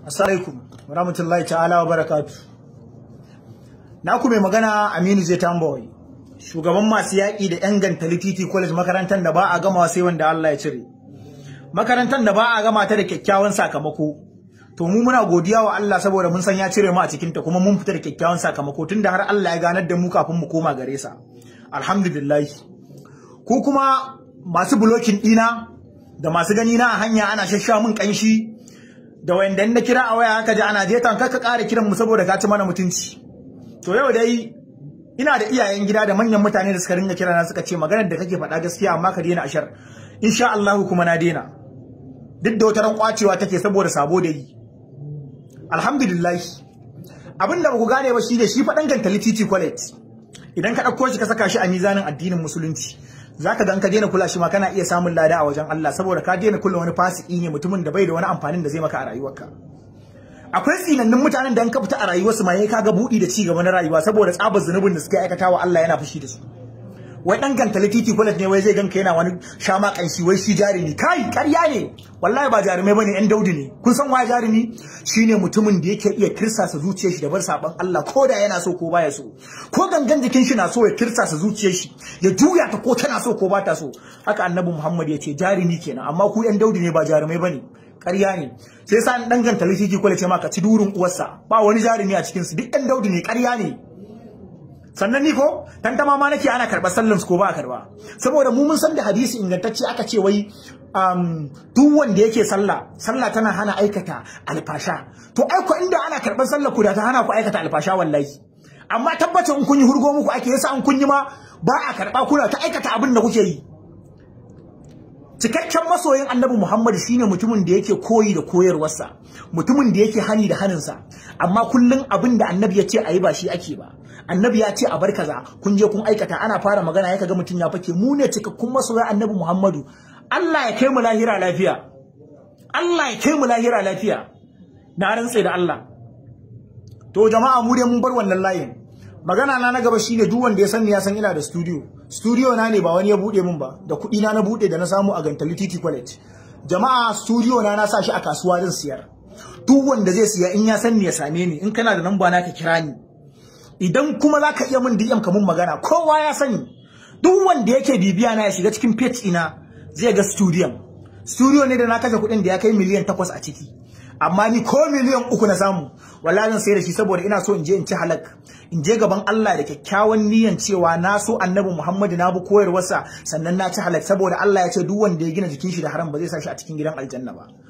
Assalamualaikum wa rahmatullahi ta'ala wa barakatu. Na ku mai magana Aminu zai Tambawai, Shugaban masu yaƙi da ganta Lititi College makarantar da ba a gama sai wanda Allah ya cire. Makarantar da ba a gama ta da kyakkyawan sakamako. To mu muna godiya wa Allah saboda mun san ya cire mu a cikin ta kuma mun fita da kyakkyawan sakamako tunda har Allah ya ganar da mu kafin mu koma gare sa. Alhamdulillah. Ko kuma masu bulokin ɗina da masu gani na a hanya ana shashsha mun kanshi da wanda na kira a waya haka ji ana jetan kar ka ƙara kiran mu saboda ka ci mana mutunci to yau dai ina da iyayen gida da manyan mutane da suka ringa kira na suka ce maganar da kake faɗa gaskiya amma ka daina ashar insha Allah kuma na daina duk da wata kwacewa take saboda sabo da yi alhamdulillah abin da baku ku gane ba shi da shi faɗan titi kwalet idan ka ɗauko shi ka saka shi a mizanin addinin musulunci zaka ga an ka daina kula shi ma kana iya samun lada a wajen Allah saboda ka daina kula wani fasiki ne mutumin da bai da wani amfanin da zai maka a rayuwarka akwai tsinannun mutanen da an ka fita a rayuwarsu ma yayi kaga budi da ci gaba na rayuwa saboda tsabar zunubin da suke aikatawa Allah yana fushi da su wai dan gantali titi ne wai zai ganka yana wani shama kanshi wai shi jari ne kai ƙarya ne wallahi ba jarumai bane yan daudi ne kun san waye jarumi ne mutumin da yake iya kirsasa zuciyar shi da bar saban Allah ko da yana so ko ya so ko gangan jikin shi na so ya kirsasa zuciyar shi ya juya ta ko tana so ko ba ta so haka annabi Muhammad ya ce jarumi kenan amma ku yan daudi ne ba jarumai bane ƙarya ne sai sa dan gantali titi ne ce maka ci durin uwarsa ba wani jarumi a cikin su duk yan daudi ne ƙarya ne sannan ni ko dan ta nake ana karba sallan su ko ba karba saboda mu mun san da hadisi ingantacce aka ce wai um, duk wanda yake sallah sallah tana hana aikata alfasha to ai ko inda ana karban sallah ku da ta hana ku aikata alfasha wallahi amma tabbacin in kun yi hurgo muku ake yasa an kun yi ma ba a karba kuna ta aikata abin da kuke yi cikakken masoyin annabi Muhammad shine mutumin da yake koyi da koyarwarsa mutumin da yake hani da haninsa amma kullum abin da annabi ya ce ayi ba shi ake ba annabi ya ce a bar kaza kun je kun aikata ana fara magana ya kaga mutum ya fake mu ne cikakkun masoyin annabi Muhammadu Allah ya kai mu lahira lafiya Allah ya kai mu lahira lafiya na rantsa da Allah to jama'a mu dai mun bar wannan layin magana na na gaba shine duk wanda ya san ya san ina da studio studio na ne ba wani ya buɗe min ba da kuɗi na na bude da na samu a Gantali Titi College jama'a studio na na sa shi a kasuwa zan siyar duk wanda zai siya in ya san ni ya same ni in kana da namba na ka kira ni idan kuma za ka iya min DM ka mun magana kowa ya sani duk wanda yake bibiya na ya shiga cikin page ina zai ga studio studio ne da na kashe kuɗin da ya kai miliyan 8 a ciki amma ni ko miliyan uku na samu wala zan sayar da shi saboda ina so in je in ci halak in je gaban Allah da kyakkyawan niyan cewa na so annabi Muhammad na bi koyarwarsa sannan na ci halak saboda Allah ya ce duk wanda ya gina jikin shi da haram ba zai sa shi a cikin gidan aljanna ba